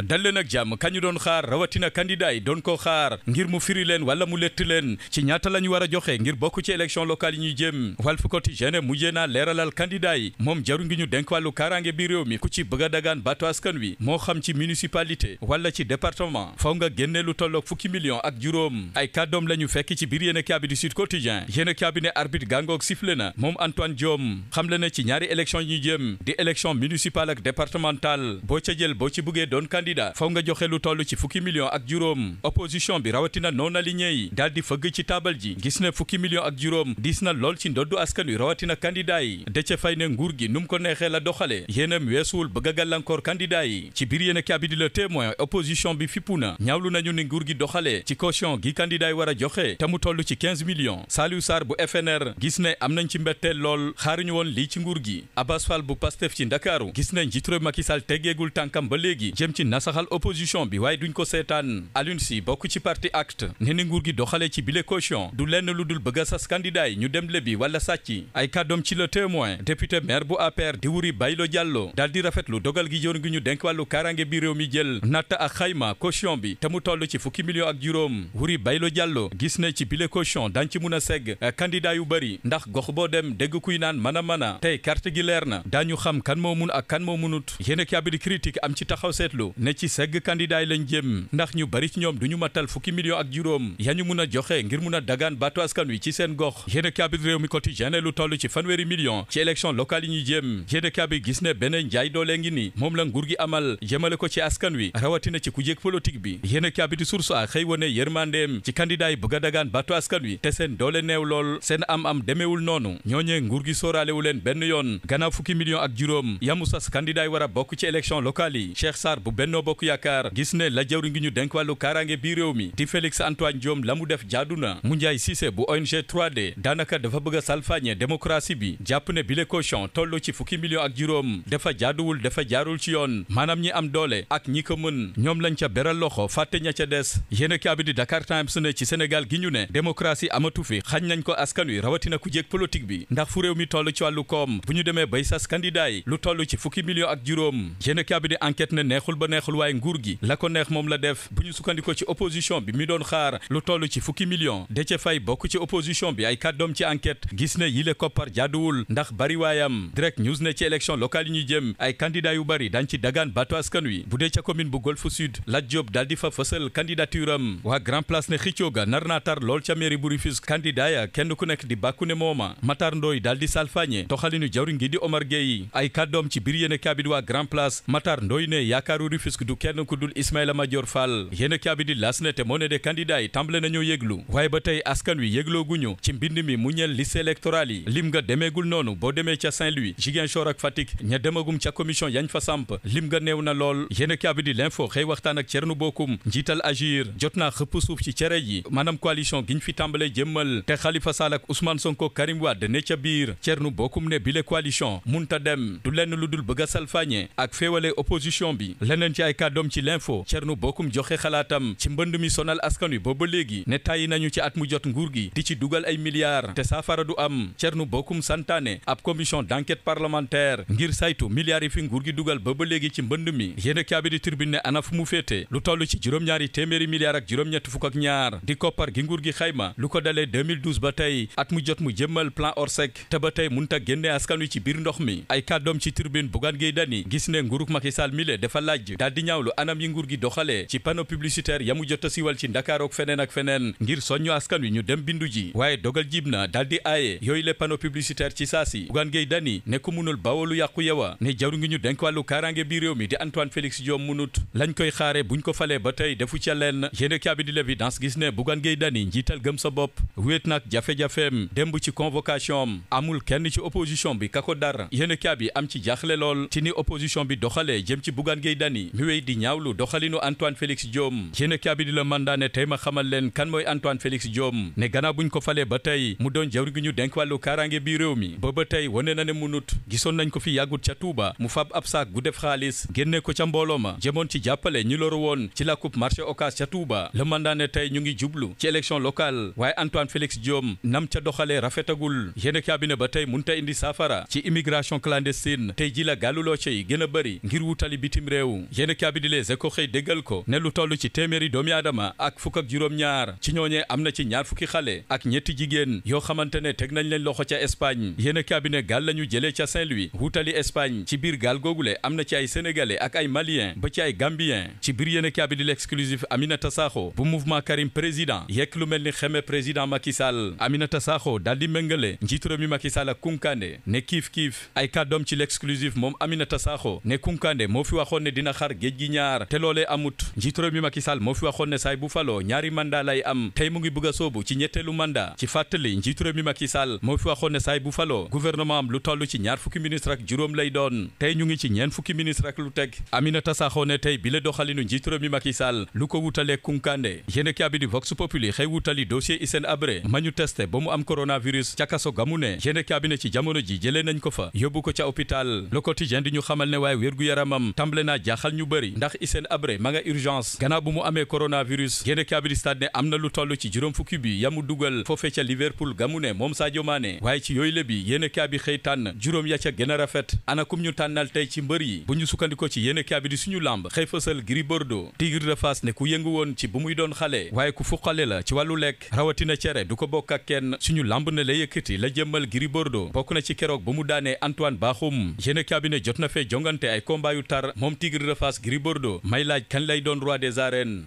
dal leen ak jàmm kañu doon xaar rawatina candidat yi doon ko xaar ngir mu firi leen wala mu lett leen ci ñaata la ñu war a joxe ngir bokk ci élection locale yi ñuy jëm Walf Quotidien mujjee naa leeralal candidat yi moom jaru ngi ñu denk kaaraange bi réew mi ku ci bëgg a dagaan baatu askan wi moo xam ci municipalité wala ci département faw nga génne lu tolloog fukki million ak juróom ay kàddoom la ñu fekk ci biir yéen kaabi du Sud Quotidien yéen kaabi ne arbitre gàngoog sifle ci ñaari élection di élection municipale ak candidat faw nga joxe lu toll ci fukki million ak juróom opposition bi rawatina non aligné yi daal di fëgg ci taabal ji gis ne fukki million ak juróom diis na lool ci ndoddu askan wi rawatina candidat yi Déthié Faye nguur gi nu mu ko neexee la doxale yéenam weesuwul bëgg a gàllankoor ci biir yéen a kaabi di le bi fippu na ñaawlu nañu ni nguur gi doxalee ci caution gi candidat yi a joxe te mu toll ci 15 millions Saliou bu FNR gis ne am gi Abass Fall bu Pastef ci Ndakaaru nasaxal opposition bi waaye duñ ko seetaan Alioune Sy bokk ci parti acte ne ni nguur gi doxalee ci bile caution du lenn lu dul bëgg sas candidat yi ñu dem lebi wala sàcc ay kàddoom ci le témoin député maire bu APR di wuri Baylo jàlloo daal di rafetlu dogal gi yoon gi ñu denk wàllu kaaraange bi réew mi jël natt ak xayma caution bi te mu toll ci fukki million ak juróom wuri Baylo jàlloo gis ne ci bile caution dañ ci mun a segg eh, candidat yu bëri ndax gox boo dem dégg kuy naan mën a mën a tey carte gi leer na daañu xam kan moo mun ak kan moo munut yéen a critique am ci taxaw seetlu ne ci segg candidat yi lañ jëm ndax ñu bari ci ñoom du ñu matal fukki million ak juróom ya ñu mun a joxe ngir mun a dagaan baatu askan wi ci seen gox yéen kaabi réew mi quotidien ne lu toll ci fanweeri million ci élection locale yi ñuy jëm yéen kaabi gis ne beneen njaay doole ngi ni moom la nguur gi amal jëmale ko ci askan wi rawatina ci ku jéeg politique bi yéen kaabi di source a xëy wone yërmandeem ci candidat yi bëgg a dagaan baatu askan wi te see doole neew lool seen am am demeewul noonu ñooñee nguur gi sóoraalewu leen benn yoon gannaaw fukki million ak juróom yamu sas candidat yi bokk ci élection yi Cheikh Sarr bu Benno Bokk Yaakaar gis ne la jawriñ gi ñu denk wàllu kaaraange biir réew mi di Félix Antoine Diome la mu def jaadu na mu njaay Cissé bu ONG 3D daanaka dafa bëgg a salfaañe démocratie bi jàpp ne bile caution toll ci fukki million ak juróom dafa jaaduwul dafa jaarul ci yoon maanaam ñi am doole ak ñi ko mën ñoom lañ ca beral loxo fàtte ña ca des yéen a kaabi di Dakar Times ne ci Sénégal gi ñu ne démocratie amatu fi xañ nañ ko askan wi rawatina ku jéeg politique bi ndax fu réew mi toll ci wàllu koom bu ñu demee bay sas candidat yi lu toll ci fukki million ak juróom yéen neexul waaye nguur gi la ko neex moom la def bu ñu sukkandikoo ci opposition bi mi doon xaar lu bi ay kàddoom ci enquête gis ne yile koppar jaaduwul ndax bari waayam direct news ne ci élection locale yi ñuy jëm yu bari dañ ci dagaan baatu askan wi bu dee ca commune bu Golf Sud Lat Diop daal di fa fësal candidature am waa Grand Place ne xëccoo nar naa tar lool ca mairie bu Rufisque candidat ya kenn ku nekk di bàkku ne mooma Matar Ndoy daal di salfaañe toxalinu jawriñ gi di Omar Gueye ay kàddoom ci biir yéene kaabit waa Grand Place Matar Ndoy ne yaakaaru Rufisque puisque du kenn ku dul Ismaïla Madior Fall yéen a kaabi di las ne te moo ne de candidat yi tàmbale nañoo yëglu waaye ba tey askan wi yëglooguñu ci mbind mi mu ñeel liste électorale yi lim nga demeegul noonu boo demee ca Saint-Louis Ziguinchor ak Fatick ña demagum ca commission yañ fa samp lim nga néew na lool yéen a kaabi di l'info waxtaan ak Thierno Bocoum njiital agir jot naa xëpp suuf ci cere yi maanaam coalition giñ fi tàmbale jëmmal te Khalifa Sall ak Ousmane Sonko Karim Wade ne ca biir Thierno Bocoum ne bile a bi ci ay kàddoom ci l'info Thierno Bocoum joxe xalaatam ci mbënd mi sonal askan wi booba léegi ne tàyyi nañu ci at mu jot nguur gi di ci dugal ay milliards te saafara du am Thierno Bocoum santaane ab commission d'enquête parlementaire ngir saytu milliards yi fi nguur gi dugal booba léegi ci mbënd mi yéena kaabi di tribune ne ana fu mu féete lu toll ci juróom-ñaari téeméeri milliards ak juróom-ñett fukk ak ñaar di koppar gi nguur gi xayma lu ko dalee 2012 ba tey at mu jot mu jëmmal plan Orsec te ba tey munta génne askan wi ci biir ndox mi ay kàddoom ci tribune Bougane Gueye Dany gis ne nguurug Macky Sall mi le dafa laaj daal di ñaawlu anam yi nguur gi doxalee ci panneau publicitaire yamu jot a siwal ci Ndakaar ak feneen ak feneen ngir soññu askan wi ñu dem bindu ji waaye dogal jiib na daal di aaye yooyu le panneau publicitaire ci saasi Bougane Gueye Dany ne mënul munul bawalu yàqu yewa ne jaru ngi ñu denk wàllu kaaraange bi réew mi di Antoine Félix Diome munut lañ koy xaare buñ ko falee ba tey defu ca leen yéene kaabi di l'évidence gis ne Bougane Gueye Dany njiital gëm sa bopp wéet nag jafe-jafeem démb ci convocation amul kenn ci opposition bi kako dar yéene kaabi am ci jaaxle lool ci ni opposition bi doxalee jëm ci Bougane Gueye Dany mi wéy di ñaawlu doxalinu Antoine Félix Diome yéen kaabi di la tey ma xamal leen kan mooy Antoine Félix joom ne gannaaw buñ ko falee ba tey mu doon jawri gi ñu denk wàllu kaaraange bi réew mi ba ba tey wone na ne munut gisoon nañ ko fi yàggut ca Touba mu fab ab saak gu def xaalis génnee ko ca mbooloo ma jëmoon ci jàppale ñu loru woon ci làkkub marché Ocass ca Touba la mandaane tey ñu ngi jublu ci élection locale waaye Antoine Félix Diome nam ca doxalee rafetagul yéen ba tey mun ta indi saafara ci immigration clandestine tey ji la gàlluloo ci gën a bëri ngir wutali bitim réew yéen kaabi di Les Échos xëy déggal ko ne lu toll ci téeméeri doomi aadama ak fukk ak juróom-ñaar ci ñooñee am na ci ñaar fukki xale ak ñetti jigéen yoo xamante ne teg nañ leen loxo ca Espagne yenn kaabi ne gaal la ñu jëlee ca Saint-Louis wutali Espagne ci biir gaal googu le am na ci ay sénégalais ak ay malien ba ci ay gambien ci biir yéen kaabi di L'Exclusif Aminata Sakho bu mouvement Karim président yekk lu mel ni xeme président Macky amina Aminata Sakho daal di méngale njiitu mi Macky Sall ak ne kiif kiif ay kàddoom ci L'Exclusif moom Aminata Sakho ne ñaar géej gi ñaar te loolee amut njiitu réew mi Macky Sall moo fi waxoon ne saay bu ñaari mandat lay am tey mu ngi bëgg a soobu ci ñetteelu mandat ci fàttali njiitu réew moo fi waxoon ne saay bu faloo am lu toll ci ñaar fukki ministre ak juróom lay doon tey ñu ngi ci ñeen fukki ministre ak lu teg Aminata Sakho ne tey bi la doxalinu njiitu lu ko wutalee kunkande yéene kaa ci jamono ji jëlee nañ ko fa yóbbu ko ca ñu i ndax Hissène Habré ma nga urgence gannaaw bu mu amee coronavirus génne kaabili stade ne am na lu toll ci juróom fukki bi yamu dugal foofe ca Liverpool gamu ne moom Sadio Mané waaye ci yooyu la bi yéene kaa xëy tànn juróom ya ca gën a rafet anakum ñu tànnal tey ci mbër yi bu ñu sukkandikoo ci yéene kaa di suñu làmb xëy fësal Gris Bordeaux Tigre de Fass ne ku yëngu ci bu muy doon xale waaye ku fuqale la ci wàllu lekk rawatina cere du ko bokk ak Fass bordo Bordeaux may laaj kañ lay doon roi des arènes